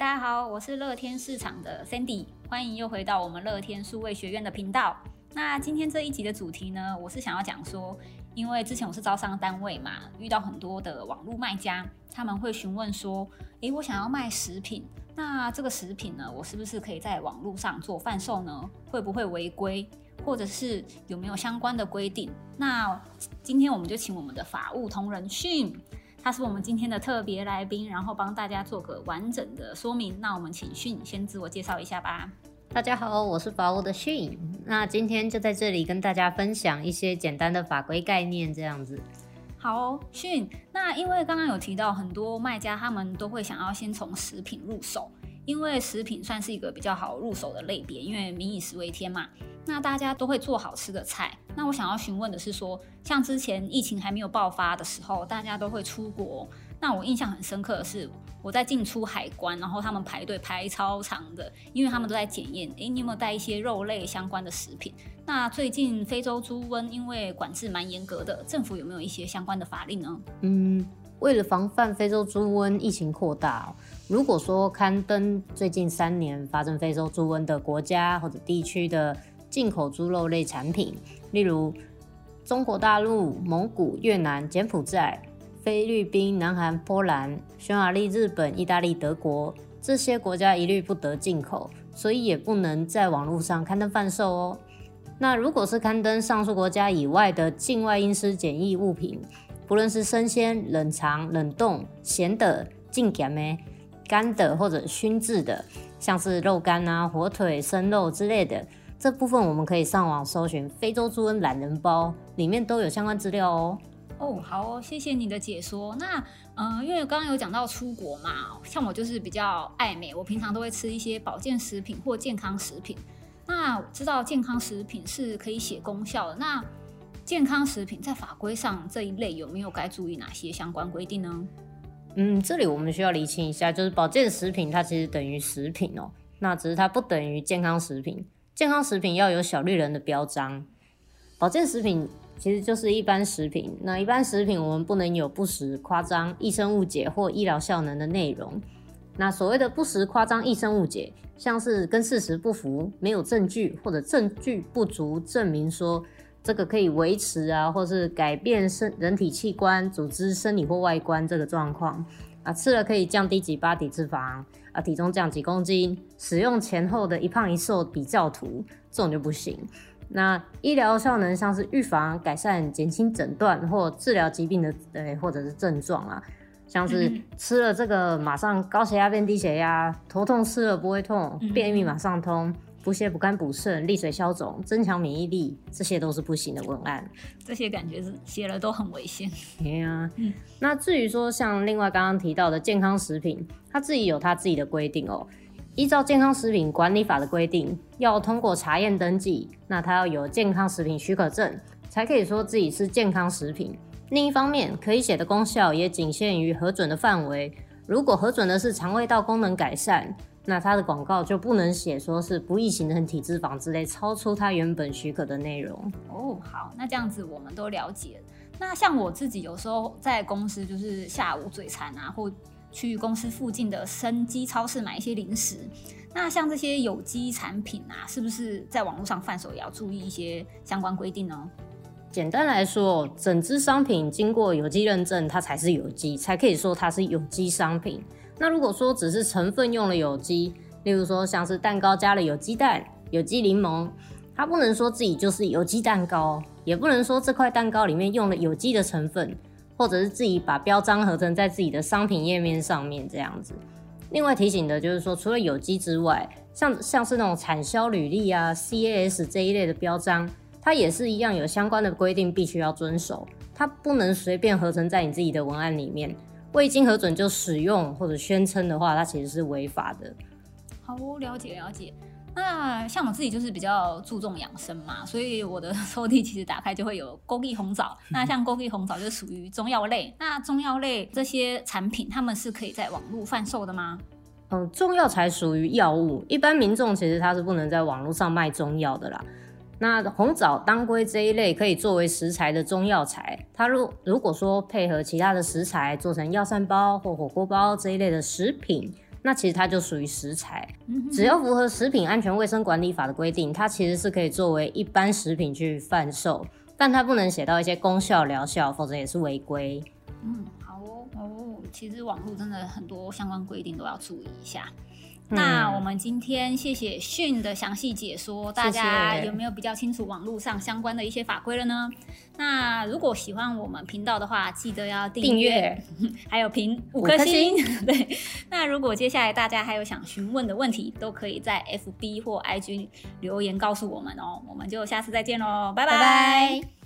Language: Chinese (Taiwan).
大家好，我是樂天市場的 Sandy，歡迎又回到我們樂天數位學院的頻道。那今天這一集的主題呢，我是想要講說，因為之前我是招商單位嘛，遇到很多的網絡賣家，他們會詢問說，誒、欸，我想要賣食品，那這個食品呢，我是不是可以在網絡上做販售呢？會不會違規？或者是有沒有相關的規定？那今天我們就請我們的法務同仁訓。他是我們今天的特別來賓，然後幫大家做個完整的說明。那我們請迅先自我介紹一下吧。大家好，我是法務的迅。那今天就在這裡跟大家分享一些簡單的法規概念，這樣子。好哦，迅。那因為剛剛有提到，很多賣家他們都會想要先從食品入手，因為食品算是一個比較好入手的類別，因為民以食為天嘛。那大家都會做好吃的菜。那我想要詢問的是說，說像之前疫情還沒有爆發的時候，大家都會出國。那我印象很深刻的是，我在進出海關，然後他們排隊排超長的，因為他們都在檢驗，誒、欸，你有沒有帶一些肉類相關的食品？那最近非洲豬瘟因為管制蠻嚴格的，政府有沒有一些相關的法令呢？嗯，為了防範非洲豬瘟疫情擴大，哦，如果說刊登最近三年發生非洲豬瘟的國家或者地區的。進口豬肉類產品，例如中國大陸、蒙古、越南、柬埔寨、菲律賓、南韓、波蘭、匈牙利、日本、意大利、德國，這些國家一律不得進口，所以也不能在網絡上刊登販售哦、喔。那如果是刊登上述國家以外的境外應施檢疫物品，不論是生鮮、冷藏、冷凍、鹹的、淨乾的、乾的或者熏制的，像是肉乾啊、火腿、生肉之類的。這部分我們可以上網搜尋《非洲豬瘟懶人包》，裡面都有相關資料哦。哦，好哦，謝謝你的解說。那，嗯、呃，因為剛剛有講到出國嘛，像我就是比較愛美，我平常都會吃一些保健食品或健康食品。那我知道健康食品是可以寫功效的。那健康食品在法規上這一類有沒有該注意哪些相關規定呢？嗯，這裡我們需要釐清一下，就是保健食品它其實等於食品哦，那只是它不等於健康食品。健康食品要有小綠人的標章，保健食品其實就是一般食品。那一般食品我們不能有不實誇張、易生誤解或醫療效能的內容。那所謂的不實誇張、易生誤解，像是跟事實不符、沒有證據或者證據不足，證明說這個可以維持啊，或是改變身人體器官、組織生理或外觀這個狀況。啊，吃了可以降低幾趴體脂肪啊，體重降幾公斤，使用前後的一胖一瘦比較圖，這種就不行。那醫療效能像是預防、改善、減輕、診斷或治療疾病的，對，或者是症狀啊，像是吃了這個馬上高血壓變低血壓，頭痛吃了不會痛，便秘馬上通。補血、補肝、補腎、利水消腫、增強免疫力，這些都是不行的文案。這些感覺是寫了都很危險。 對啊，嗯，那至於說像另外剛剛提到的健康食品，它自己有它自己的規定哦。依照《健康食品管理法》的規定，要通過查驗登記，那它要有健康食品許可證，才可以說自己是健康食品。另一方面，可以寫的功效也僅限於核准的範圍。如果核准的是腸胃道功能改善。那他的廣告就不能寫說是不易形成體脂肪之類，超出他原本許可的內容。哦，好，那這樣子我們都了解了。那像我自己有時候在公司就是下午嘴饞啊，或去公司附近的生機超市，買一些零食。那像這些有機產品啊，是不是在網絡上販售也要注意一些相關規定呢？簡單來說，整支商品經過有機認證，它才是有機，才可以說它是有機商品。那如果說只是成分用了有機，例如說像是蛋糕加了有機蛋、有機檸檬，它不能說自己就是有機蛋糕，也不能說這塊蛋糕裡面用了有機的成分，或者是自己把標章合成在自己的商品頁面上面這樣子。另外提醒的就是說，除了有機之外，像像是那種產銷履歷啊、CAS 這一類的標章。它也是一樣，有相關的規定必須要遵守，它不能隨便合成在你自己的文案裡面，未經核准就使用或者宣稱的話，它其實是違法的。好、哦，了解了解。那像我自己就是比較注重養生嘛，所以我的抽屜其實打開就會有枸杞紅棗。嗯、那像枸杞紅棗就屬於中藥類，那中藥類這些產品，他們是可以在網絡販售的嗎？嗯，中藥材屬於藥物，一般民眾其實他是不能在網絡上賣中藥的啦。那紅棗、當歸這一類可以作為食材的中藥材，它如如果說配合其他的食材做成藥膳包或火鍋包這一類的食品，那其實它就屬於食材。只要符合《食品安全衛生管理法》的規定，它其實是可以作為一般食品去販售，但它不能寫到一些功效療效，否則也是違規。嗯，好哦。哦，其實網路真的很多相關規定都要注意一下。那我們今天謝謝迅的詳細解說，嗯、大家有沒有比較清楚網絡上相關的一些法規了呢？謝謝。那如果喜歡我們頻道的話，記得要訂閱，訂閱 還有評五顆星。星 對，那如果接下來大家還有想詢問的問題，都可以在 FB 或 IG 留言告訴我們哦。我們就下次再見嘍，拜拜。拜拜。